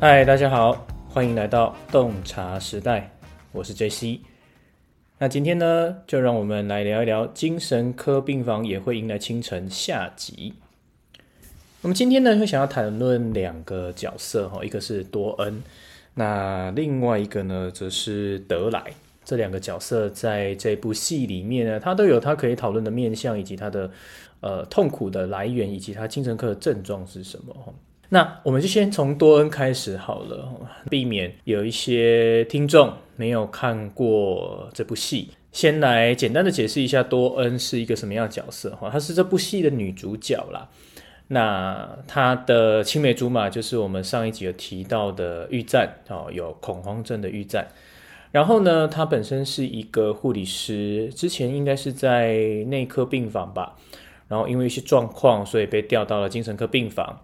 嗨，Hi, 大家好，歡迎來到洞察時代，我是 JC。那今天呢，就讓我們來聊一聊精神科病房也會迎來清晨下集。我們今天呢，會想要談論兩個角色哈，一個是多恩，那另外一個呢，則是德萊。這兩個角色在這部戲裡面呢，他都有他可以討論的面向，以及他的呃痛苦的來源，以及他精神科的症狀是什麼。那我們就先從多恩開始好了，避免有一些聽眾沒有看過這部戲，先來簡單的解釋一下多恩是一個什麼樣的角色哈，她是這部戲的女主角啦。那她的青梅竹馬就是我們上一集有提到的宥燦哦，有恐慌症的宥燦。然後呢，她本身是一個護理師，之前應該是在內科病房吧，然後因為一些狀況，所以被調到了精神科病房。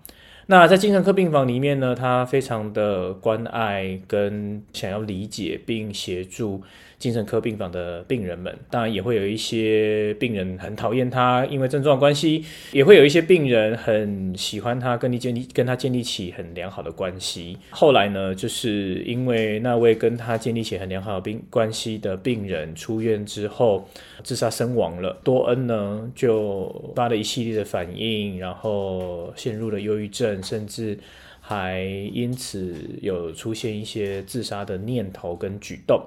那在精神科病房裡面呢，他非常的關愛跟想要理解並協助精神科病房的病人們，當然也會有一些病人很討厭他，因為症狀關係，也會有一些病人很喜歡他，跟你建立跟他建立起很良好的關係。後來呢，就是因為那位跟他建立起很良好的病關係的病人出院之後自殺身亡了，多恩呢就發了一系列的反應，然後陷入了憂鬱症，甚至還因此有出現一些自殺的念頭跟舉動。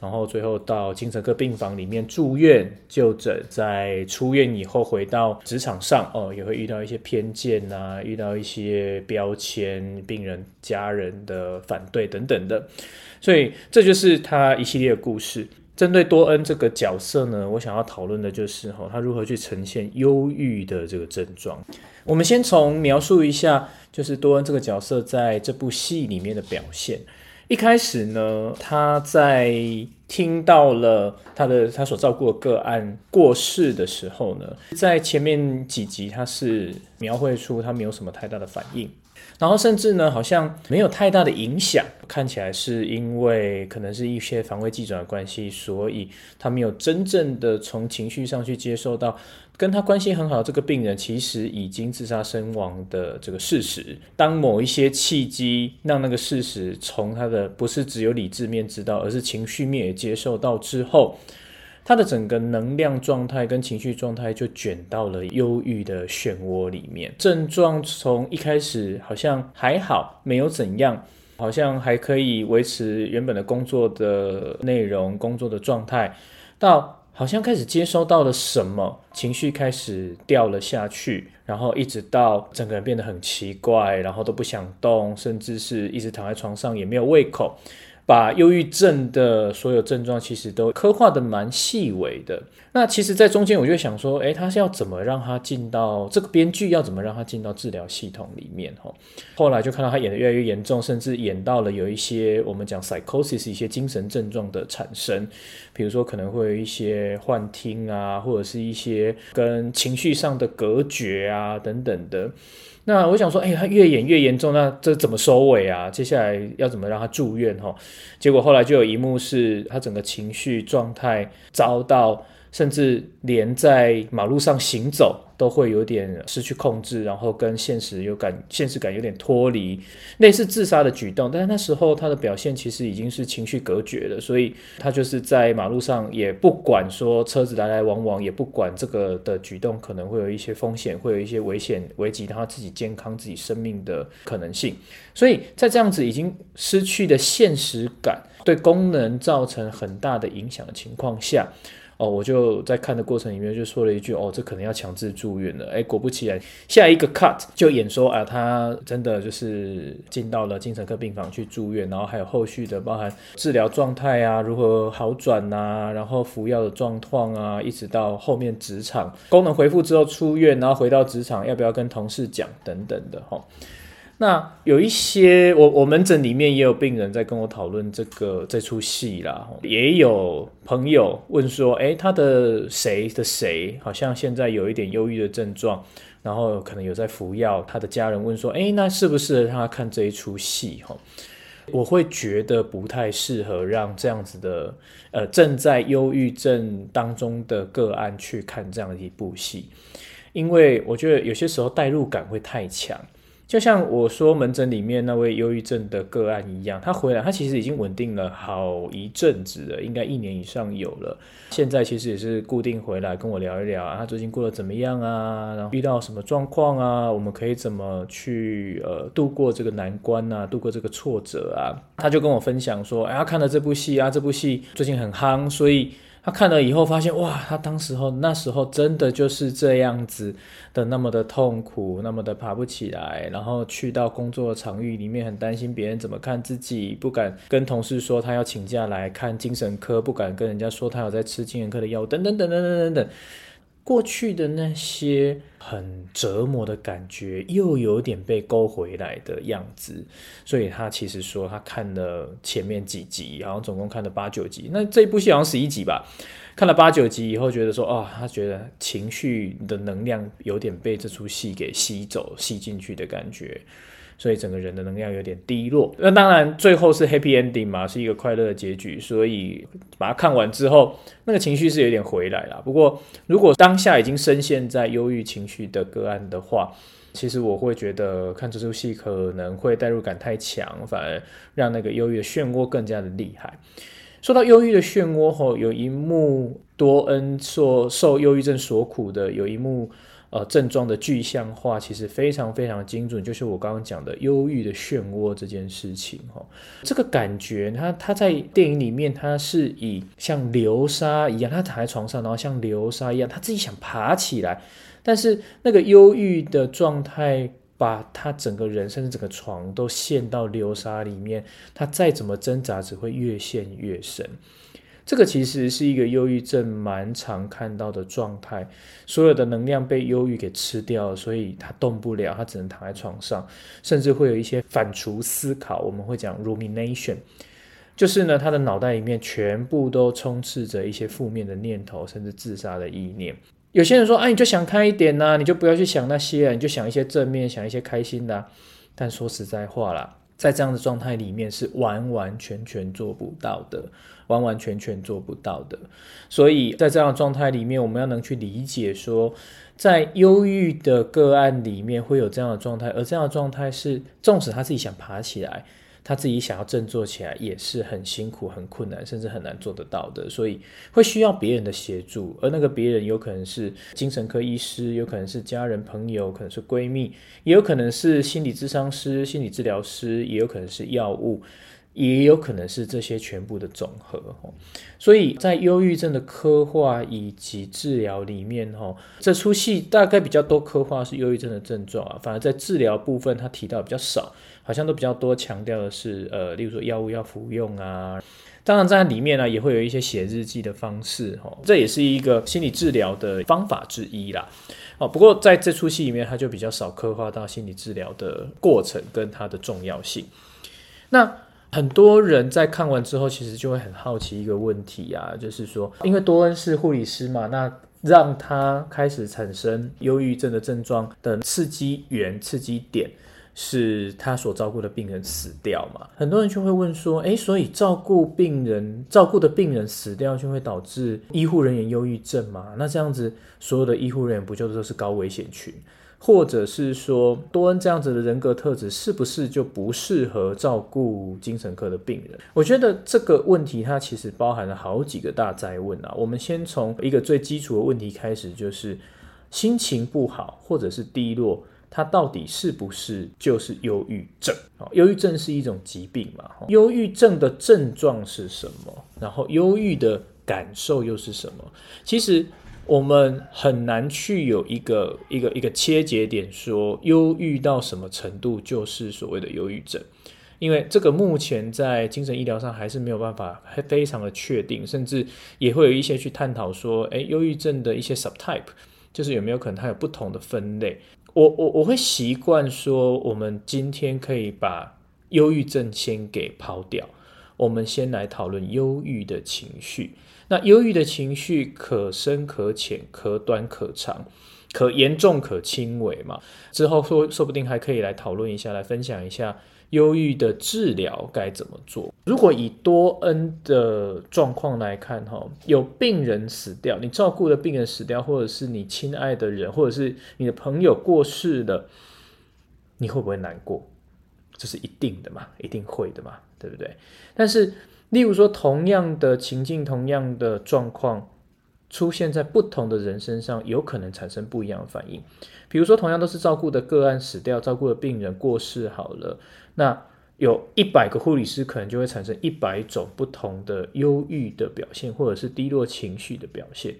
然後最後到精神科病房裡面住院就診，在出院以後回到職場上哦，也會遇到一些偏見啊，遇到一些標籤、病人家人的反對等等的，所以這就是他一系列的故事。針對多恩這個角色呢，我想要討論的就是哈、哦，他如何去呈現憂鬱的這個症狀。我們先從描述一下，就是多恩這個角色在這部戲裡面的表現。一開始呢，他在。聽到了他的他所照顧的個案過世的時候呢，在前面幾集他是描繪出他沒有什麼太大的反應，然後甚至呢好像沒有太大的影響，看起來是因為可能是一些防衛機制的關係，所以他沒有真正的從情緒上去接受到跟他關係很好這個病人其實已經自殺身亡的這個事實。當某一些契機讓那個事實從他的不是只有理智面知道，而是情緒面也，接受到之後，他的整個能量狀態跟情緒狀態就捲到了憂鬱的漩渦裡面。症狀從一開始好像還好，沒有怎樣，好像還可以維持原本的工作的內容、工作的狀態，到好像開始接收到了什麼，情緒開始掉了下去，然後一直到整個人變得很奇怪，然後都不想動，甚至是一直躺在床上也沒有胃口。把憂鬱症的所有症狀，其實都刻畫得蠻細微的。那其實，在中間我就想說，誒、欸，他是要怎麼讓他進到這個編劇要怎麼讓他進到治療系統裡面哈？後來就看到他演得越來越嚴重，甚至演到了有一些我們講 psychosis 一些精神症狀的產生，比如說可能會有一些幻聽啊，或者是一些跟情緒上的隔絕啊等等的。那我想說，誒、欸，他越演越嚴重，那這怎麼收尾啊？接下來要怎麼讓他住院哈？結果後來就有一幕是他整個情緒狀態遭到。甚至連在馬路上行走都會有點失去控制，然後跟現實有感、現實感有點脫離，類似自殺的舉動。但是那時候他的表現其實已經是情緒隔絕了，所以他就是在馬路上也不管說車子來來往往，也不管這個的舉動可能會有一些風險，會有一些危險危及他自己健康、自己生命的可能性。所以在這樣子已經失去的現實感對功能造成很大的影響的情況下。哦，我就在看的過程裡面就說了一句：“哦，這可能要強制住院了。”哎，果不其然，下一個 cut 就演說啊，他真的就是進到了精神科病房去住院，然後還有後續的，包含治療狀態啊，如何好轉吶、啊，然後服藥的狀況啊，一直到後面職場功能恢復之後出院，然後回到職場要不要跟同事講等等的哈。哦。那有一些我我門診裡面也有病人在跟我討論這個這齣戲啦，也有朋友問說，哎、欸，他的誰的誰好像現在有一點憂鬱的症狀，然後可能有在服藥，他的家人問說，哎、欸，那適不適合讓他看這一出戲？哈，我會覺得不太適合讓這樣子的呃正在憂鬱症當中的個案去看這樣的一部戲，因為我覺得有些時候代入感會太強。就像我說門診裡面那位憂鬱症的個案一樣，他回來，他其實已經穩定了好一陣子了，應該一年以上有了。現在其實也是固定回來跟我聊一聊，啊、他最近過得怎麼樣啊？然後遇到什麼狀況啊？我們可以怎麼去呃度過這個難關啊？度過這個挫折啊？他就跟我分享說，哎呀，看了這部戲啊，這部戲最近很夯，所以。他看了以後，發現哇，他當時候那時候真的就是這樣子的，那麼的痛苦，那麼的爬不起來，然後去到工作場域裡面，很擔心別人怎麼看自己，不敢跟同事說他要請假來看精神科，不敢跟人家說他有在吃精神科的藥物，等等等等等等。過去的那些很折磨的感覺，又有點被勾回來的樣子，所以他其實說他看了前面幾集，好像總共看了八九集，那這一部戲好像十一集吧，看了八九集以後，覺得說，哦，他覺得情緒的能量有點被這出戲給吸走、吸進去的感覺。所以整個人的能量有點低落。那當然，最後是 happy ending 嘛，是一個快樂的結局。所以把它看完之後，那個情緒是有點回來了。不過，如果當下已經深陷在憂鬱情緒的個案的話，其實我會覺得看這出戲可能會代入感太強，反而讓那個憂鬱的漩渦更加的厲害。說到憂鬱的漩渦後，有一幕多恩受憂鬱症所苦的，有一幕。呃，症狀的具象化其實非常非常精準，就是我剛剛講的憂鬱的漩渦這件事情哈。這個感覺他，它它在電影裡面，它是以像流沙一樣，他躺在床上，然後像流沙一樣，他自己想爬起來，但是那個憂鬱的狀態把他整個人，甚至整個床都陷到流沙裡面，他再怎麼掙扎，只會越陷越深。這個其實是一個憂鬱症蠻常看到的狀態，所有的能量被憂鬱給吃掉了，所以他動不了，他只能躺在床上，甚至會有一些反芻思考，我們會講 rumination，就是呢他的腦袋裡面全部都充斥着一些負面的念頭，甚至自殺的意念。有些人說，哎，你就想開一點吶，你就不要去想那些，啊，你就想一些正面，想一些開心的啊。但說實在話啦……在這樣的狀態裡面是完完全全做不到的，完完全全做不到的。所以，在這樣的狀態裡面，我們要能去理解說，在憂鬱的個案裡面會有這樣的狀態，而這樣的狀態是，縱使他自己想爬起來，他自己想要振作起來也是很辛苦、很困難，甚至很難做得到的，所以會需要別人的協助。而那個別人有可能是精神科醫師，有可能是家人、朋友，可能是閨蜜，也有可能是心理諮商師、心理治療師，也有可能是藥物，也有可能是這些全部的總和。哦，所以在憂鬱症的刻畫以及治療裡面，哦，這出戲大概比較多刻畫是憂鬱症的症狀啊，反而在治療部分，他提到比較少。好像都比較多強調的是，呃，例如說藥物要服用啊，當然在裡面呢、啊、也會有一些寫日記的方式，哈、喔，這也是一個心理治療的方法之一啦。哦、喔，不過在這出戲裡面，它就比較少刻畫到心理治療的過程跟它的重要性。那很多人在看完之後，其實就會很好奇一個問題啊，就是說，因為多恩是護理師嘛，那讓他開始產生憂鬱症的症狀的刺激源、刺激點，是他所照顧的病人死掉嘛？很多人就會問說：誒，所以照顧病人，照顧的病人死掉，就會導致醫護人員憂鬱症嘛？那這樣子，所有的醫護人員不就都是高危險群？或者是說，多恩這樣子的人格特質，是不是就不適合照顧精神科的病人？我覺得這個問題，它其實包含了好幾個大哉問啊。我們先從一個最基礎的問題開始，就是心情不好，或者是低落。他到底是不是就是憂鬱症？憂鬱症是一種疾病嘛？憂鬱症的症狀是什麼？然後憂鬱的感受又是什麼？其實我們很難去有一個一個一個切節點說，說憂鬱到什麼程度就是所謂的憂鬱症，因為這個目前在精神醫療上還是沒有辦法非常的確定，甚至也會有一些去探討說，哎，憂鬱症的一些 subtype，就是有沒有可能它有不同的分類。我我我會習慣說，我們今天可以把憂鬱症先給拋掉，我們先來討論憂鬱的情緒。那憂鬱的情緒可深可淺，可短可長，可嚴重可輕微嘛，之後說，說不定還可以來討論一下，來分享一下。憂鬱的治療該怎麼做？如果以多恩的狀況來看，哈，有病人死掉，你照顧的病人死掉，或者是你親愛的人，或者是你的朋友過世了，你會不會難過？這是一定的嘛，一定會的嘛，對不對？但是，例如說同樣的情境，同樣的狀況。出現在不同的人身上，有可能產生不一樣的反應。比如說，同樣都是照顧的個案死掉，照顧的病人過世好了，那有一百個護理師，可能就會產生一百種不同的憂鬱的表現，或者是低落情緒的表現。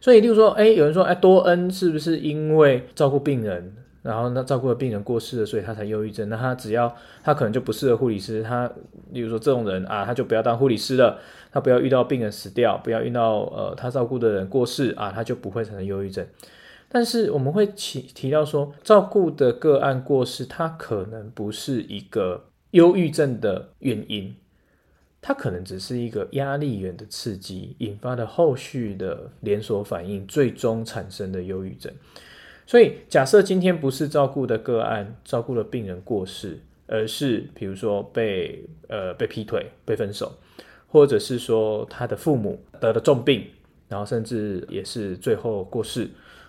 所以，例如說，哎，有人說，哎，多恩是不是因為照顧病人？然後，那照顧的病人過世了，所以他才憂鬱症。那他只要他可能就不適合護理師，他，例如說這種人啊，他就不要當護理師了。他不要遇到病人死掉，不要遇到呃他照顧的人過世啊，他就不會產生憂鬱症。但是我們會提提到說，照顧的個案過世，他可能不是一個憂鬱症的原因，他可能只是一個壓力源的刺激引發的後續的連鎖反應，最終產生的憂鬱症。所以，假設今天不是照顧的個案，照顧的病人過世，而是比如說被呃被劈腿、被分手，或者是說他的父母得了重病，然後甚至也是最後過世，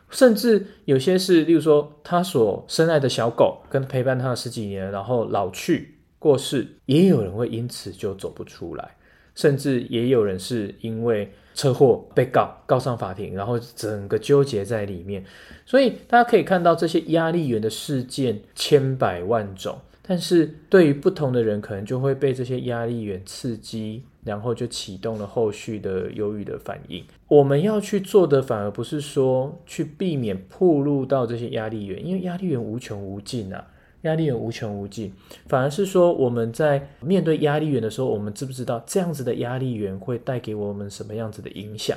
甚至有些是，例如說他所深愛的小狗跟陪伴他十幾年，然後老去過世，也有人會因此就走不出來，甚至也有人是因為。車禍被告告上法庭，然後整個糾結在裡面，所以大家可以看到這些壓力源的事件千百萬種，但是對於不同的人，可能就會被這些壓力源刺激，然後就啟動了後續的憂鬱的反應。我們要去做的，反而不是說去避免暴露到這些壓力源，因為壓力源無窮無盡啊。壓力源無窮無盡，反而是說我們在面對壓力源的時候，我們知不知道這樣子的壓力源會帶給我們什麼樣子的影響？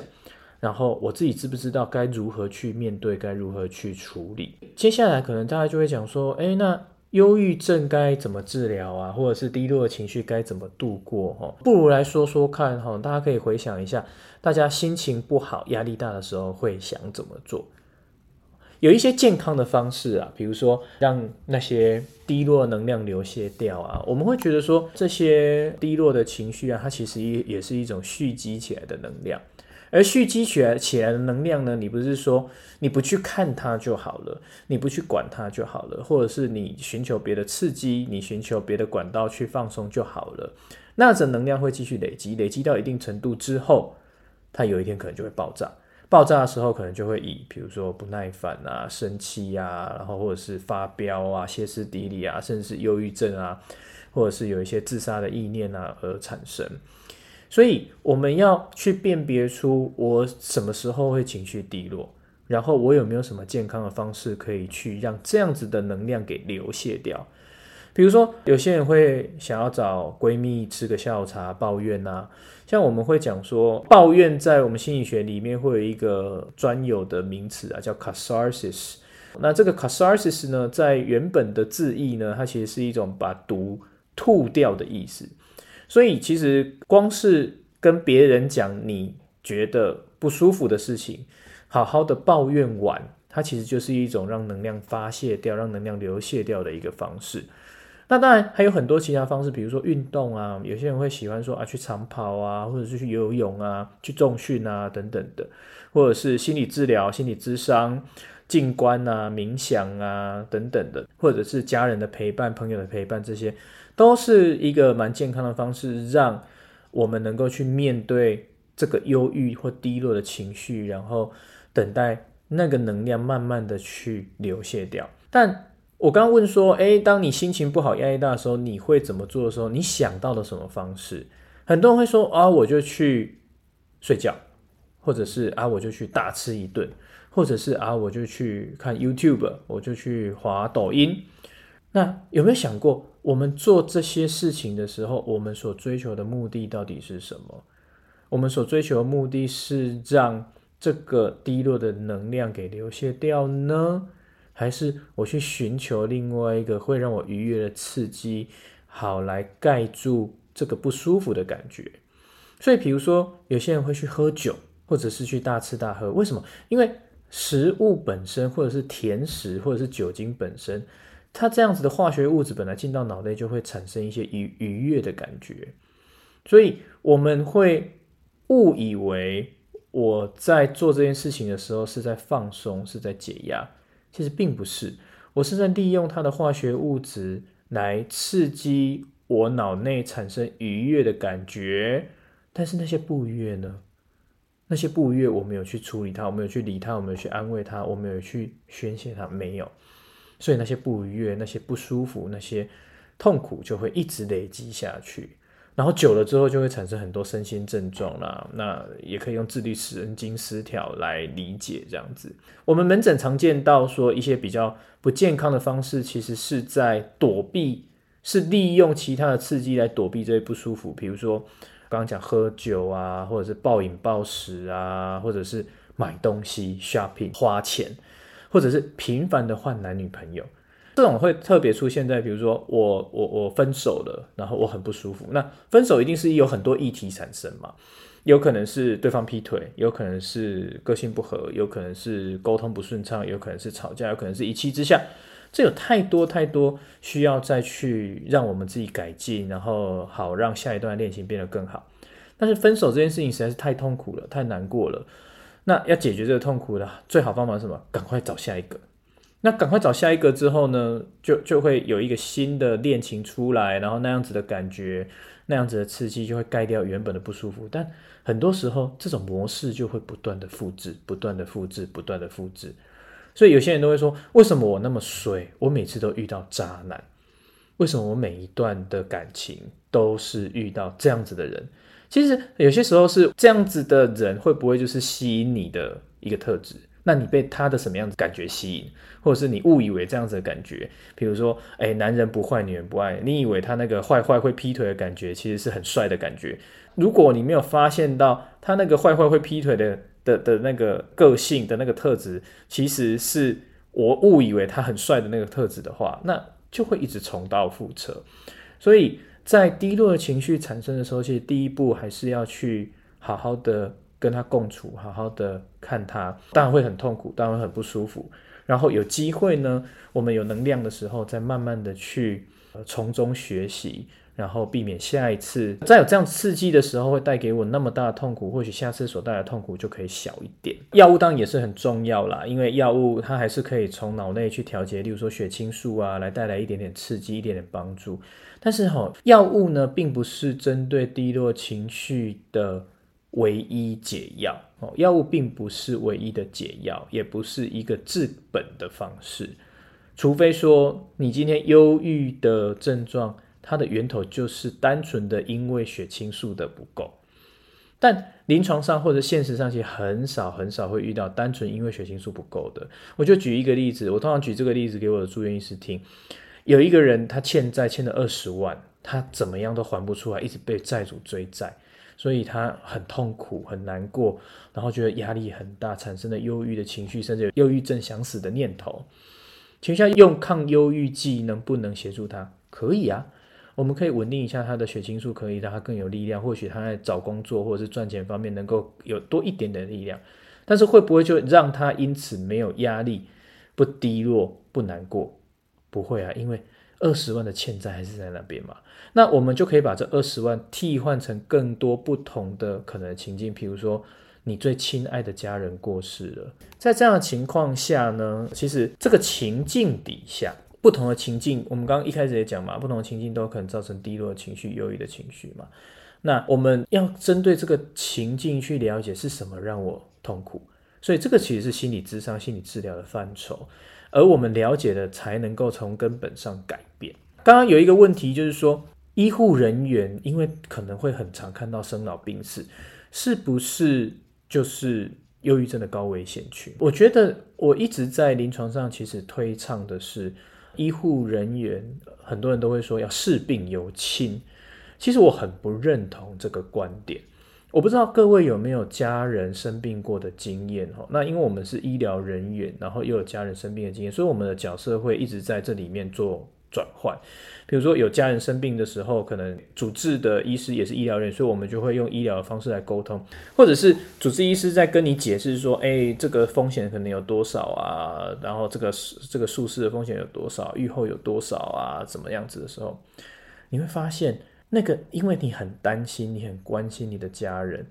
然後我自己知不知道該如何去面對，該如何去處理？接下來可能大家就會講說，哎、欸，那憂鬱症該怎麼治療啊？或者是低落的情緒該怎麼度過？哈、哦，不如來說說看哈，大家可以回想一下，大家心情不好、壓力大的時候會想怎麼做？有一些健康的方式啊，比如說讓那些低落的能量流瀉掉啊，我們會覺得說，這些低落的情緒啊，它其實也也是一種蓄積起來的能量，而蓄積起來起來的能量呢，你不是說你不去看它就好了，你不去管它就好了，或者是你尋求別的刺激，你尋求別的管道去放鬆就好了，那這能量會繼續累積，累積到一定程度之後，它有一天可能就會爆炸。爆炸的時候，可能就會以比如說不耐煩啊、生氣啊，然後或者是發飆啊、歇斯底里啊，甚至憂鬱症啊，或者是有一些自殺的意念啊而產生。所以我們要去辨別出我什麼時候會情緒低落，然後我有沒有什麼健康的方式可以去讓這樣子的能量給流瀉掉。比如說，有些人會想要找閨蜜吃個下午茶抱怨吶、啊。像我們會講說，抱怨在我們心理學裡面會有一個專有的名詞啊，叫 catharsis。那這個 catharsis 呢，在原本的字義呢，它其實是一種把毒吐掉的意思。所以，其實光是跟別人講你覺得不舒服的事情，好好的抱怨完，它其實就是一種讓能量發洩掉、讓能量流洩掉的一個方式。那當然還有很多其他方式，比如說運動啊，有些人會喜歡說啊去長跑啊，或者是去游泳啊，去重訓啊等等的，或者是心理治療、心理諮商、靜觀啊、冥想啊等等的，或者是家人的陪伴、朋友的陪伴，這些都是一個蠻健康的方式，讓我們能夠去面對這個憂鬱或低落的情緒，然後等待那個能量慢慢的去流瀉掉，但。我剛問說，誒，當你心情不好、壓力大的時候，你會怎麼做的時候？你想到了什麼方式？很多人會說啊，我就去睡覺，或者是啊，我就去大吃一頓，或者是啊，我就去看 YouTube，我就去滑抖音。那有沒有想過，我們做這些事情的時候，我們所追求的目的到底是什麼？我們所追求的目的是讓這個低落的能量給流瀉掉呢？還是我去尋求另外一個會讓我愉悅的刺激，好來蓋住這個不舒服的感覺。所以，比如說，有些人會去喝酒，或者是去大吃大喝。為什麼？因為食物本身，或者是甜食，或者是酒精本身，它這樣子的化學物質本來進到腦袋就會產生一些愉愉悅的感覺。所以，我們會誤以為我在做這件事情的時候是在放鬆，是在解壓。其實並不是，我是在利用它的化學物質來刺激我腦內產生愉悅的感覺。但是那些不愉悅呢？那些不愉悅，我沒有去處理它，我沒有去理它，我沒有去安慰它，我沒有去宣洩它，沒有。所以那些不愉悅、那些不舒服、那些痛苦，就會一直累積下去。然後久了之後就會產生很多身心症狀啦、啊，那也可以用自律神經失調來理解這樣子。我們門診常見到說一些比較不健康的方式，其實是在躲避，是利用其他的刺激來躲避這些不舒服，比如說剛剛講喝酒啊，或者是暴飲暴食啊，或者是買東西 shopping 花錢，或者是頻繁的換男女朋友。這種會特別出現在，比如說我我我分手了，然後我很不舒服。那分手一定是有很多議題產生嘛？有可能是對方劈腿，有可能是個性不合，有可能是溝通不順暢，有可能是吵架，有可能是一氣之下。這有太多太多需要再去讓我們自己改進，然後好讓下一段戀情變得更好。但是分手這件事情實在是太痛苦了，太難過了。那要解決這個痛苦的，最好方法是什麼？趕快找下一個。那趕快找下一個之後呢，就就會有一個新的戀情出來，然後那樣子的感覺，那樣子的刺激就會蓋掉原本的不舒服。但很多時候，這種模式就會不斷的複製，不斷的複製，不斷的複製。所以有些人都會說，為什麼我那麼衰，我每次都遇到渣男？為什麼我每一段的感情都是遇到這樣子的人？其實有些時候是這樣子的人會不會就是吸引你的一個特質？那你被他的什麼樣子感覺吸引，或者是你誤以為這樣子的感覺，比如說，哎、欸，男人不壞，女人不愛，你以為他那個壞壞會劈腿的感覺，其實是很帥的感覺。如果你沒有發現到他那個壞壞會劈腿的的的那個個性的那個特質，其實是我誤以為他很帥的那個特質的話，那就會一直重蹈覆轍。所以在低落的情緒產生的時候，其實第一步還是要去好好的。跟他共處，好好的看他，當然會很痛苦，當然會很不舒服。然後有機會呢，我們有能量的時候，再慢慢的去、呃、從中學習，然後避免下一次再有這樣刺激的時候，會帶給我那麼大的痛苦。或許下次所帶來的痛苦就可以小一點。藥物當然也是很重要啦，因為藥物它還是可以從腦內去調節，例如說血清素啊，來帶來一點點刺激，一點點幫助。但是哈，藥物呢，並不是針對低落情緒的唯一解藥哦，藥物並不是唯一的解藥，也不是一個治本的方式，除非說你今天憂鬱的症狀，它的源頭就是單純的因為血清素的不夠。但臨床上或者現實上，其實很少很少會遇到單純因為血清素不夠的。我就舉一個例子，我通常舉這個例子給我的住院醫師聽，有一個人他欠債欠了二十萬，他怎麼樣都還不出來，一直被債主追債。所以他很痛苦，很難過，然後覺得壓力很大，產生了憂鬱的情緒，甚至有憂鬱症、想死的念頭。情緒用抗憂鬱劑能不能協助他？可以啊，我們可以穩定一下他的血清素，可以讓他更有力量。或許他在找工作或者是賺錢方面能夠有多一點點力量。但是會不會就讓他因此沒有壓力、不低落、不難過？不會啊，因為二十萬的欠債還是在那邊嘛。那我們就可以把這二十萬替換成更多不同的可能情境，譬如說你最親愛的家人過世了，在這樣的情況下呢，其實這個情境底下，不同的情境，我們剛剛一開始也講嘛，不同的情境都可能造成低落的情緒、憂鬱的情緒嘛。那我們要針對這個情境去了解是什麼讓我痛苦，所以這個其實是心理諮商、心理治療的範疇，而我們了解的才能夠從根本上改變。剛剛有一個問題就是說。醫護人員因為可能會很常看到生老病死，是不是就是憂鬱症的高危險群？我覺得我一直在臨床上其實推倡的是，醫護人員很多人都會說要視病猶親，其實我很不認同這個觀點。我不知道各位有沒有家人生病過的經驗哈？那因為我們是醫療人員，然後又有家人生病的經驗，所以我們的角色會一直在這裡面做轉換，比如說有家人生病的時候，可能主治的醫師也是醫療人員，所以我們就會用醫療的方式來溝通，或者是主治醫師在跟你解釋說：“誒、欸，這個風險可能有多少啊？然後這個這個術式的風險有多少，預後有多少啊？怎麼樣子的時候，你會發現那個，因為你很擔心，你很關心你的家人，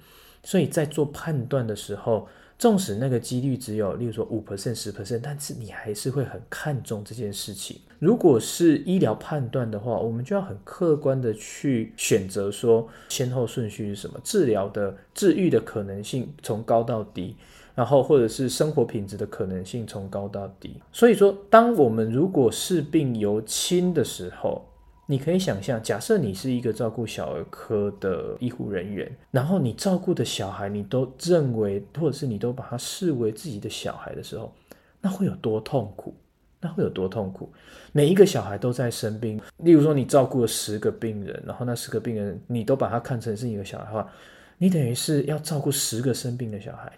所以在做判斷的時候，縱使那個幾率只有，例如說五 percent、十 percent，但是你還是會很看重這件事情。”如果是醫療判斷的話，我們就要很客觀的去選擇說先後順序是什麼，治療的治癒的可能性從高到低，然後或者是生活品質的可能性從高到低。所以說，當我們如果視病猶親的時候，你可以想象，假設你是一個照顧小兒科的醫護人員，然後你照顧的小孩，你都認為或者是你都把他視為自己的小孩的時候，那會有多痛苦？那會有多痛苦？每一個小孩都在生病。例如說，你照顧了十個病人，然後那十個病人你都把他看成是一個小孩的話，你等於是要照顧十個生病的小孩。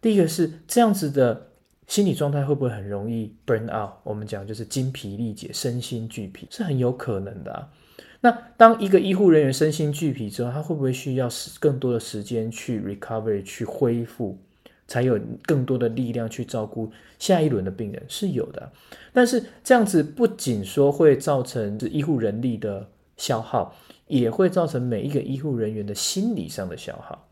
第一個是這樣子的心理狀態，會不會很容易 burn out？我們講就是精疲力竭、身心俱疲，是很有可能的啊。那當一個醫護人員身心俱疲之後，他會不會需要更多的時間去 recovery，去恢復？才有更多的力量去照顧下一輪的病人，是有的啊，但是這樣子不僅說會造成醫護人力的消耗，也會造成每一個醫護人員的心理上的消耗，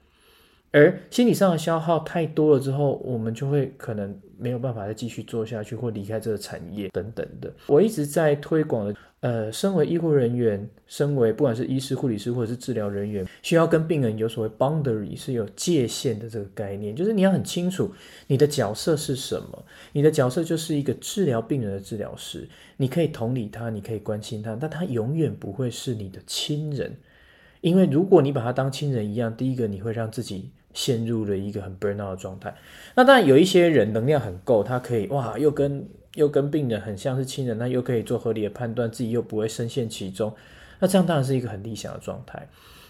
而心理上的消耗太多了之後，我們就會可能沒有辦法再繼續做下去或離開這個產業等等的。我一直在推廣的。呃，身為醫護人員，身為不管是醫師、護理師或者是治療人員，需要跟病人有所謂 boundary 是有界限的這個概念，就是你要很清楚你的角色是什麼。你的角色就是一個治療病人的治療師，你可以同理他，你可以關心他，但他永遠不會是你的親人。因為如果你把他當親人一樣，第一個你會讓自己陷入了一個很 burnout 的狀態。那當然有一些人能量很夠，他可以哇，又跟。又跟病人很像是親人，那又可以做合理的判斷，自己又不會深陷其中，那這樣當然是一個很理想的狀態。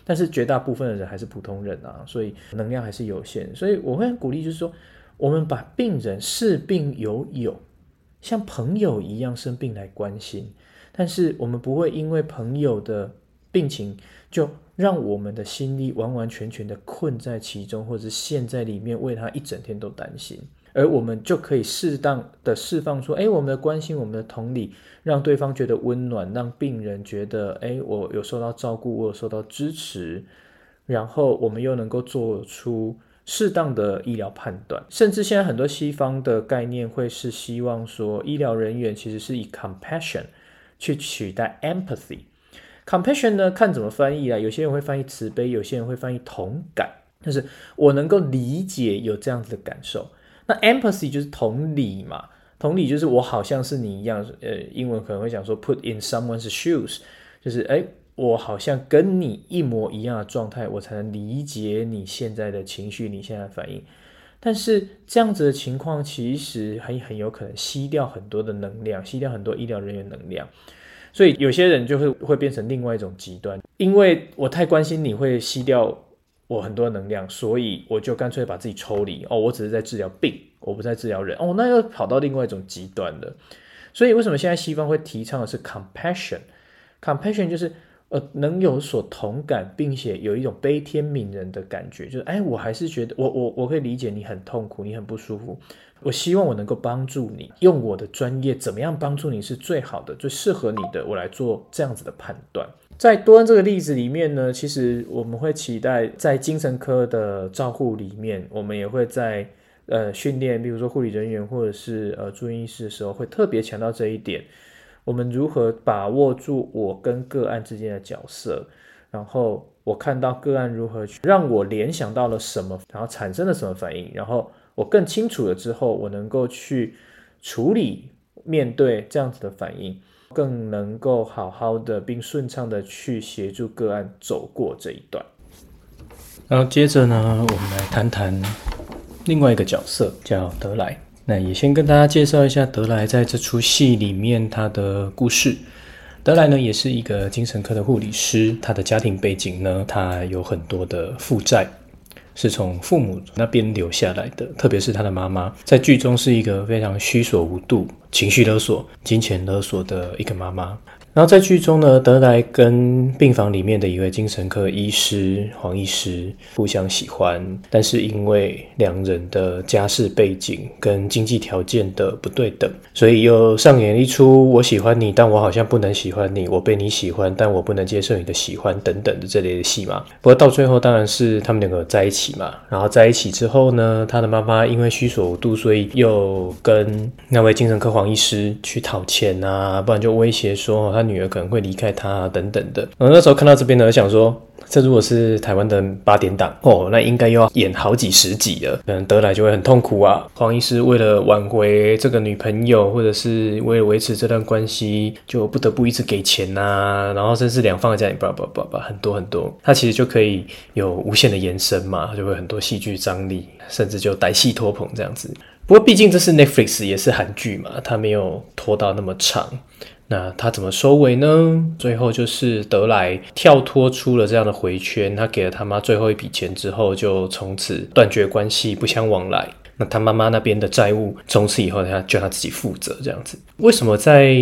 但是絕大部分的人還是普通人啊，所以能量還是有限。所以我會鼓勵，就是說，我們把病人視病猶友，像朋友一樣生病來關心，但是我們不會因為朋友的病情就讓我們的心力完完全全的困在其中，或者是陷在裡面，為他一整天都擔心。而我們就可以適當的釋放出，說：“哎，我們的關心，我們的同理，讓對方覺得溫暖，讓病人覺得，哎，我有受到照顧，我有受到支持。”然後我們又能夠做出適當的醫療判斷。甚至現在很多西方的概念會是希望說，醫療人員其實是以 compassion 去取代 empathy。Compassion 呢，看怎麼翻譯啊？有些人會翻譯慈悲，有些人會翻譯同感，但、就是我能夠理解有這樣子的感受。那 empathy 就是同理嘛，同理就是我好像是你一樣，呃，英文可能會講說 put in someone's shoes，就是誒，我好像跟你一模一樣的狀態，我才能理解你現在的情緒，你現在的反應。但是這樣子的情況其實很很有可能吸掉很多的能量，吸掉很多醫療人員能量，所以有些人就會會變成另外一種極端，因為我太關心你會吸掉。我很多能量，所以我就乾脆把自己抽離。哦，我只是在治療病，我不在治療人。哦，那又跑到另外一種極端了。所以為什麼現在西方會提倡的是 compassion？compassion 就是呃能有所同感，並且有一種悲天憫人的感覺。就是誒，我還是覺得我我我可以理解你很痛苦，你很不舒服。我希望我能夠幫助你，用我的專業，怎麼樣幫助你是最好的、最適合你的，我來做這樣子的判斷。在多恩這個例子裡面呢，其實我們會期待在精神科的照護裡面，我們也會在呃訓練，比如說護理人員或者是呃住院醫師的時候，會特別強調這一點：我們如何把握住我跟個案之間的角色，然後我看到個案如何去讓我聯想到了什麼，然後產生了什麼反應，然後我更清楚了之後，我能夠去處理面對這樣子的反應，更能夠好好的，並順暢的去協助個案走過這一段。然後接着呢，我們來談談另外一個角色叫德萊。那也先跟大家介紹一下德萊在這出戲裡面他的故事。德萊呢，也是一個精神科的護理師，他的家庭背景呢，他有很多的負債。是從父母那邊留下來的，特別是他的媽媽，在劇中是一個非常需索無度、情緒勒索、金錢勒索的一個媽媽。然後在劇中呢，德萊跟病房裡面的一位精神科醫師黃醫師互相喜歡，但是因為兩人的家世背景跟經濟條件的不對等，所以又上演一出我喜歡你，但我好像不能喜歡你；我被你喜歡，但我不能接受你的喜歡等等的這類的戲嘛。不過到最後，當然是他們兩個在一起嘛。然後在一起之後呢，他的媽媽因為需索無度，所以又跟那位精神科黃醫師去討錢啊，不然就威脅說他。女兒可能會離開他等等的。那時候看到這邊呢，我想說，這如果是台灣的八點檔哦，那應該又要演好幾十集了，可能德萊就會很痛苦啊。黃醫師為了挽回這個女朋友，或者是為了維持這段關係，就不得不一直給錢啊，然後甚至兩方的家裡不啦不啦不啦很多很多，他其實就可以有無限的延伸嘛，就會很多戲劇張力，甚至就歹戲拖棚這樣子。不過畢竟這是 Netflix，也是韓劇嘛，他沒有拖到那麼長。那他怎麼收尾呢？最後就是德萊跳脫出了這樣的回圈，他給了他媽最後一筆錢之後，就從此斷絕關係，不相往來。那他媽媽那邊的債務，從此以後他就要他自己負責。這樣子，為什麼在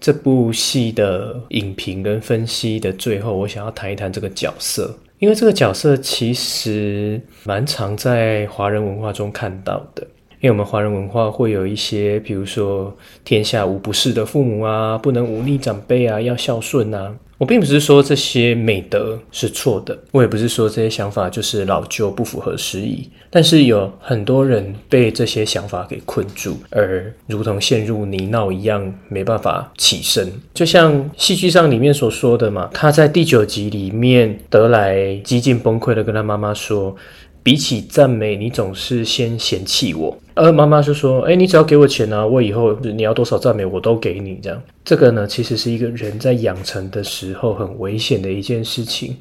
這部戲的影評跟分析的最後，我想要談一談這個角色？因為這個角色其實蠻常在華人文化中看到的。因為我們華人文化會有一些，比如說“天下無不是的父母”啊，“不能忤逆長輩”啊，“要孝順”啊。我並不是說這些美德是錯的，我也不是說這些想法就是老舊不符合時宜。但是有很多人被這些想法給困住，而如同陷入泥淖一樣，沒辦法起身。就像戲劇上裡面所說的嘛，他在第九集裡面，德萊幾近崩潰的跟他媽媽說。比起讚美，你總是先嫌棄我。而媽媽就說：“哎，你只要給我錢呢、啊，我以後你要多少讚美我都給你。”這樣，這個呢，其實是一個人在養成的時候很危險的一件事情，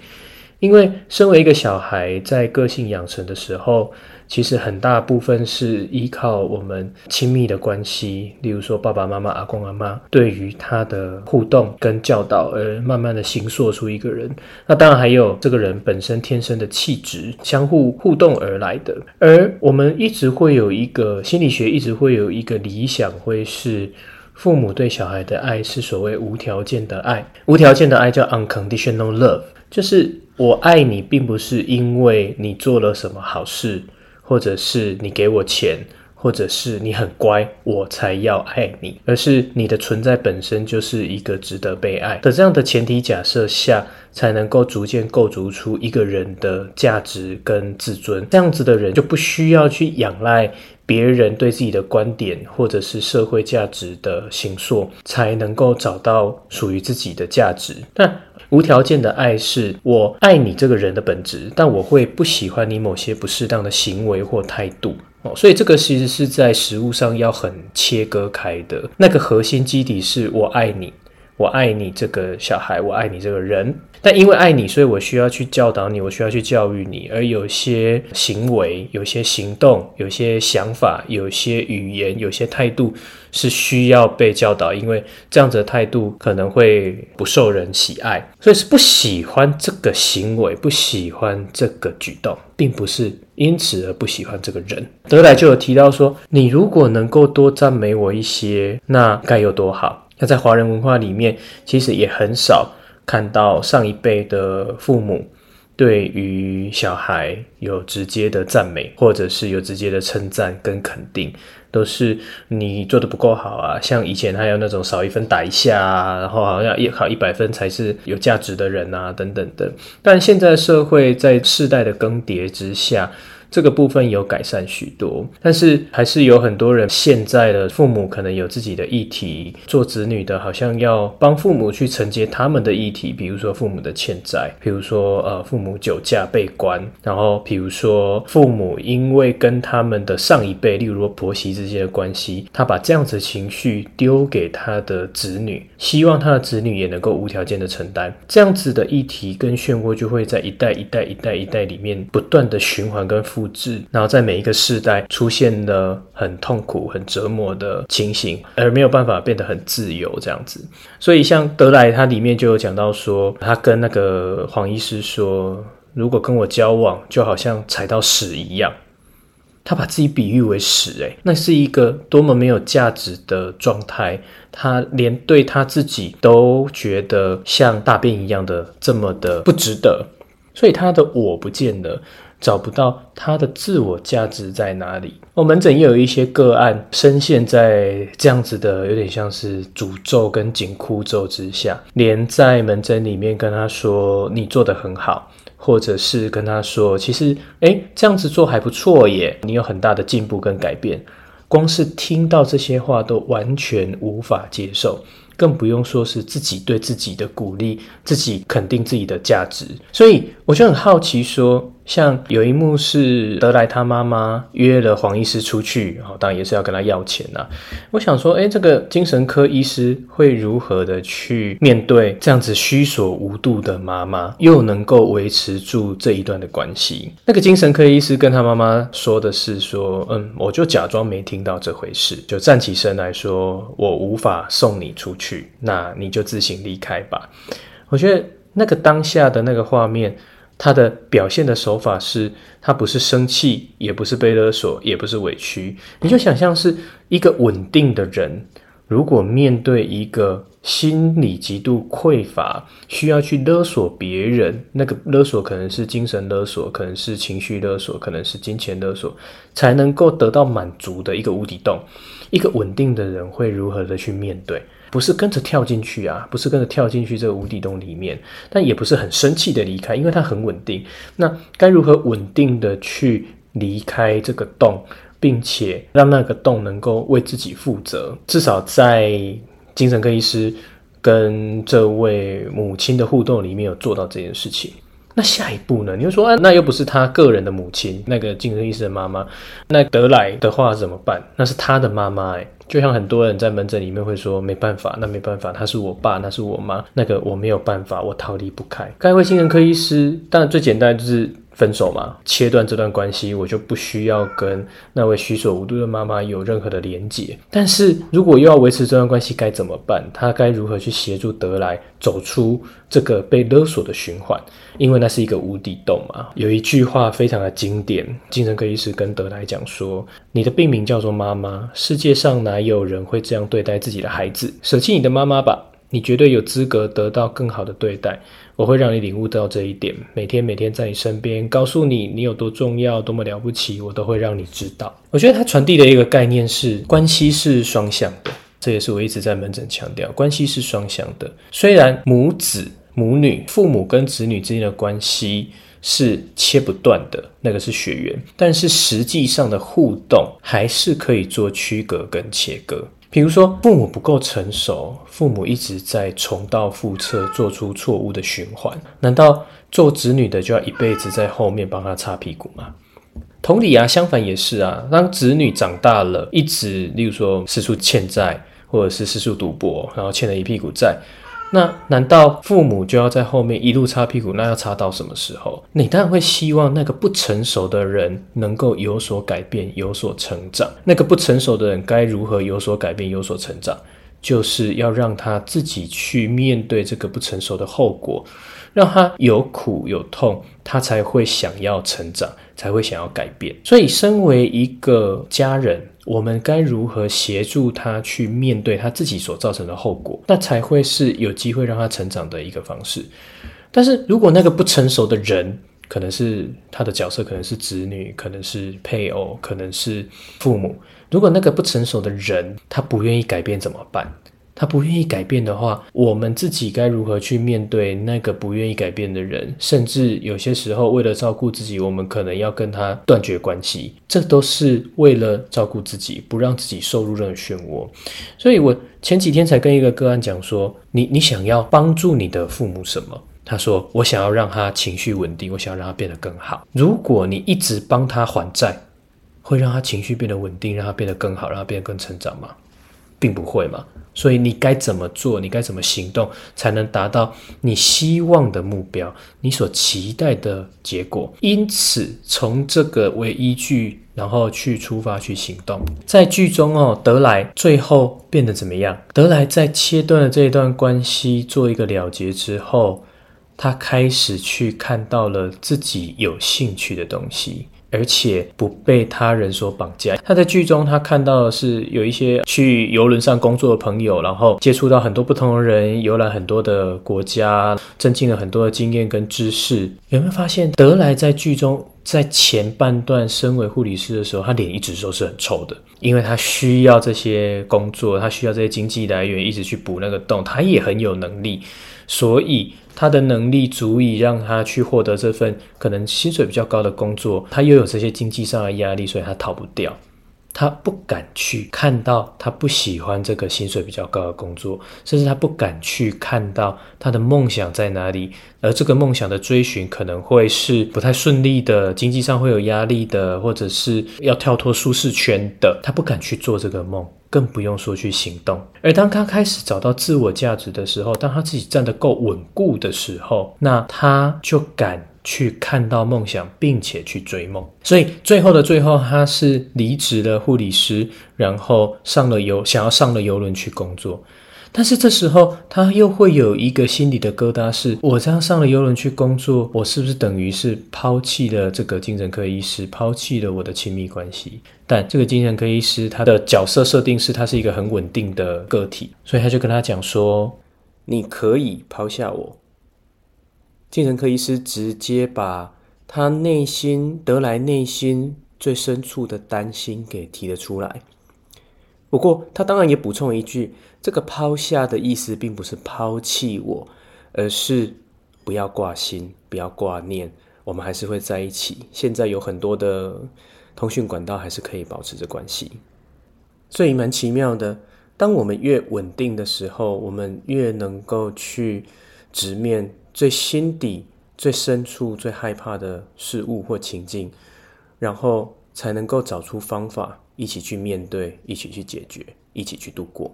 因為身為一個小孩，在個性養成的時候。其實很大部分是依靠我們親密的關係，例如說爸爸媽媽、阿公阿媽對於他的互動跟教導，而慢慢的形塑出一個人。那當然還有這個人本身天生的氣質，相互互動而來的。而我們一直會有一個心理學，一直會有一個理想，會是父母對小孩的愛是所謂無條件的愛，無條件的愛叫 unconditional love，就是我愛你，並不是因為你做了什麼好事。或者是你給我錢，或者是你很乖，我才要愛你。而是你的存在本身就是一個值得被愛。在這樣的前提假設下，才能夠逐漸構築出一個人的價值跟自尊。這樣子的人就不需要去仰賴別人對自己的觀點或者是社會價值的形塑，才能夠找到屬於自己的價值。那無條件的愛是我愛你這個人的本質，但我會不喜歡你某些不適當的行為或態度哦，所以這個其實是在實務上要很切割開的，那個核心基底是我愛你。我愛你這個小孩，我愛你這個人，但因為愛你，所以我需要去教導你，我需要去教育你。而有些行為、有些行動、有些想法、有些語言、有些態度是需要被教導，因為這樣子的態度可能會不受人喜愛，所以是不喜歡這個行為，不喜歡這個舉動，並不是因此而不喜歡這個人。德萊就有提到說，你如果能夠多讚美我一些，那該有多好。那在華人文化裡面，其實也很少看到上一輩的父母對於小孩有直接的讚美，或者是有直接的稱讚跟肯定，都是你做得不夠好啊。像以前還有那種少一分打一下啊，然後一好像要考一百分才是有價值的人啊，等等的。但現在社會在世代的更迭之下。這個部分有改善許多，但是還是有很多人現在的父母可能有自己的議題，做子女的好像要幫父母去承接他們的議題，比如說父母的欠債，比如說呃父母酒駕被關，然後比如說父母因為跟他們的上一輩，例如說婆媳之間的關係，他把這樣子的情緒丟給他的子女，希望他的子女也能夠無條件的承擔這樣子的議題跟漩渦，就會在一代一代一代一代裡面不斷的循環跟複。物質，然後在每一個世代出現了很痛苦、很折磨的情形，而沒有辦法變得很自由這樣子。所以像德萊他裡面就有講到說，他跟那個黃醫師說，如果跟我交往，就好像踩到屎一樣。他把自己比喻為屎，誒，那是一個多麼沒有價值的狀態。他連對他自己都覺得像大便一樣的這麼的不值得，所以他的我不見了。找不到他的自我價值在哪裡。我、哦、門診也有一些個案深陷在這樣子的，有點像是詛咒跟緊箍咒之下。連在門診裡面跟他說，你做得很好，或者是跟他說，其實哎、欸、這樣子做還不錯耶，你有很大的進步跟改變，光是聽到這些話都完全無法接受。更不用說是自己對自己的鼓勵，自己肯定自己的價值。所以我就很好奇說，說像有一幕是德萊他媽媽約了黃醫師出去，哦，當然也是要跟他要錢吶、啊。我想說，哎、欸，這個精神科醫師會如何的去面對這樣子虛索無度的媽媽，又能夠維持住這一段的關係？那個精神科醫師跟他媽媽說的是說，嗯，我就假裝沒聽到這回事，就站起身來說，我無法送你出去。那你就自行離開吧。我覺得那個當下的那個畫面，它的表現的手法是，它不是生氣，也不是被勒索，也不是委屈。你就想象是一個穩定的人，如果面對一個心理極度匱乏，需要去勒索別人，那個勒索可能是精神勒索，可能是情緒勒索，可能是金錢勒索，才能夠得到滿足的一個無底洞。一個穩定的人會如何的去面對？不是跟着跳進去啊，不是跟着跳進去這個無底洞裡面，但也不是很生氣的離開，因為它很穩定。那該如何穩定的去離開這個洞，並且讓那個洞能夠為自己負責？至少在精神科醫師跟這位母親的互動裡面有做到這件事情。那下一步呢？你又說啊，那又不是他個人的母親，那個精神醫師的媽媽，那德萊的話怎麼辦？那是他的媽媽哎，就像很多人在門診裡面會說，沒辦法，那沒辦法，他是我爸，那是我媽，那個我沒有辦法，我逃離不開。該位精神科醫師，當然最簡單就是。分手嘛，切斷這段關係，我就不需要跟那位需索無度的媽媽有任何的連結。但是如果又要維持這段關係，該怎麼辦？他該如何去協助德萊走出這個被勒索的循環？因為那是一個無底洞嘛。有一句話非常的經典，精神科醫師跟德萊講說：“你的病名叫做媽媽。世界上哪有人會這樣對待自己的孩子？捨棄你的媽媽吧。”你絕對有資格得到更好的對待，我會讓你領悟到這一點。每天每天在你身邊，告訴你你有多重要，多麼了不起，我都會讓你知道。我覺得它傳遞的一個概念是，關係是雙向的，這也是我一直在門診強調，關係是雙向的。雖然母子、母女、父母跟子女之間的關係是切不斷的，那個是血緣，但是實際上的互動還是可以做區隔跟切割。比如說，父母不夠成熟，父母一直在重蹈覆轍，做出錯誤的循環，難道做子女的就要一輩子在後面幫他擦屁股嗎？同理啊，相反也是啊，當子女長大了，一直，例如說，四處欠債，或者是四處賭博，然後欠了一屁股債。那難道父母就要在後面一路擦屁股？那要擦到什麼時候？你當然會希望那個不成熟的人能夠有所改變、有所成長。那個不成熟的人該如何有所改變、有所成長？就是要讓他自己去面對這個不成熟的後果，讓他有苦有痛，他才會想要成長，才會想要改變。所以，身為一個家人。我們該如何協助他去面對他自己所造成的後果，那才會是有機會讓他成長的一個方式。但是如果那個不成熟的人，可能是他的角色，可能是子女，可能是配偶，可能是父母，如果那個不成熟的人他不願意改變，怎麼辦？他不願意改變的話，我們自己該如何去面對那個不願意改變的人？甚至有些時候，為了照顧自己，我們可能要跟他斷絕關係。這都是為了照顧自己，不讓自己受入任何漩渦。所以，我前幾天才跟一個個案講說：“你，你想要幫助你的父母什麼？”他說：“我想要讓他情緒穩定，我想要讓他變得更好。如果你一直幫他還債，會讓他情緒變得穩定，讓他變得更好，讓他變得更成長嗎？”並不會嘛，所以你該怎麼做？你該怎麼行動才能達到你希望的目標？你所期待的結果？因此，從這個為依據，然後去出發去行動。在劇中哦，德萊最後變得怎麼樣？德萊在切斷了這一段關係，做一個了結之後，他開始去看到了自己有興趣的東西。而且不被他人所綁架。他在劇中，他看到的是有一些去遊輪上工作的朋友，然後接觸到很多不同的人，遊覽很多的國家，增進了很多的經驗跟知識。有沒有發現德萊在劇中在前半段身為護理師的時候，他臉一直都是很臭的，因為他需要這些工作，他需要這些經濟來源，一直去補那個洞。他也很有能力，所以。他的能力足以讓他去獲得這份可能薪水比較高的工作，他又有這些經濟上的壓力，所以他逃不掉。他不敢去看到他不喜歡這個薪水比較高的工作，甚至他不敢去看到他的夢想在哪裡。而這個夢想的追尋可能會是不太順利的，經濟上會有壓力的，或者是要跳脫舒適圈的，他不敢去做這個夢。更不用說去行動。而當他開始找到自我價值的時候，當他自己站得夠穩固的時候，那他就敢去看到夢想，並且去追夢。所以最後的最後，他是離職了護理師，然後上了遊，想要上了遊輪去工作。但是這時候，他又會有一個心裡的疙瘩是，我這樣上了遊輪去工作，我是不是等於是拋棄了這個精神科醫師，拋棄了我的親密關係？但這個精神科醫師他的角色設定是，他是一個很穩定的個體，所以他就跟他講說：“你可以拋下我。”精神科醫師直接把他內心得來內心最深處的擔心給提了出來。不過他當然也補充一句：“這個拋下的意思並不是拋棄我，而是不要掛心，不要掛念，我們還是會在一起。”現在有很多的。通訊管道還是可以保持着關係，所以蠻奇妙的。當我們越穩定的時候，我們越能夠去直面最心底、最深處、最害怕的事物或情境，然後才能夠找出方法，一起去面對，一起去解決，一起去度過。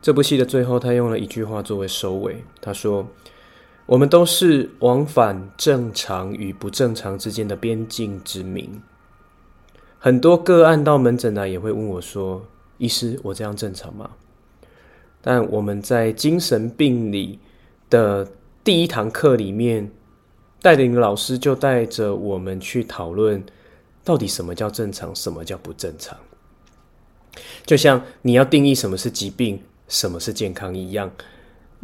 這部戲的最後，他用了一句話作為收尾，他說，我們都是往返正常與不正常之間的邊境之民。很多個案到門診來，也會問我說：“醫師，我這樣正常嗎？”但我們在精神病理的第一堂課裡面，帶領老師就帶着我們去討論，到底什麼叫正常，什麼叫不正常。就像你要定義什麼是疾病，什麼是健康一樣。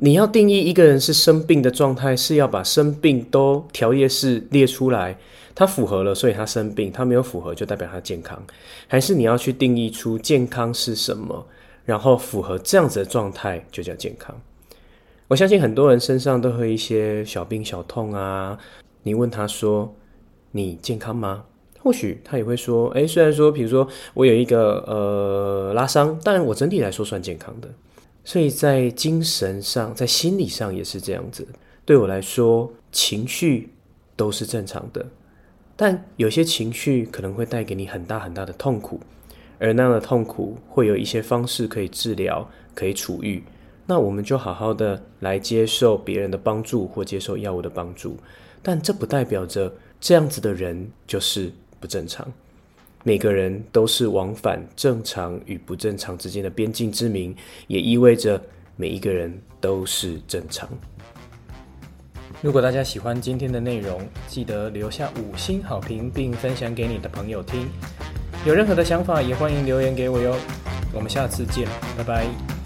你要定義一個人是生病的狀態，是要把生病都條列式列出來，他符合了，所以他生病；他沒有符合，就代表他健康。還是你要去定義出健康是什麼，然後符合這樣子的狀態就叫健康。我相信很多人身上都會一些小病小痛啊，你問他說，你健康嗎？或許他也會說：誒，雖然說，比如說我有一個呃拉傷，但我整體來說算健康的。所以在精神上，在心理上也是這樣子。對我來說，情緒都是正常的，但有些情緒可能會帶給你很大很大的痛苦，而那樣的痛苦會有一些方式可以治療，可以處癒。那我們就好好的來接受別人的幫助，或接受藥物的幫助。但這不代表着這樣子的人就是不正常。每個人都是往返正常與不正常之間的邊境之民，也意味着每一個人都是正常。如果大家喜歡今天的內容，記得留下五星好評並分享給你的朋友聽。有任何的想法，也歡迎留言給我喲。我們下次見，拜拜。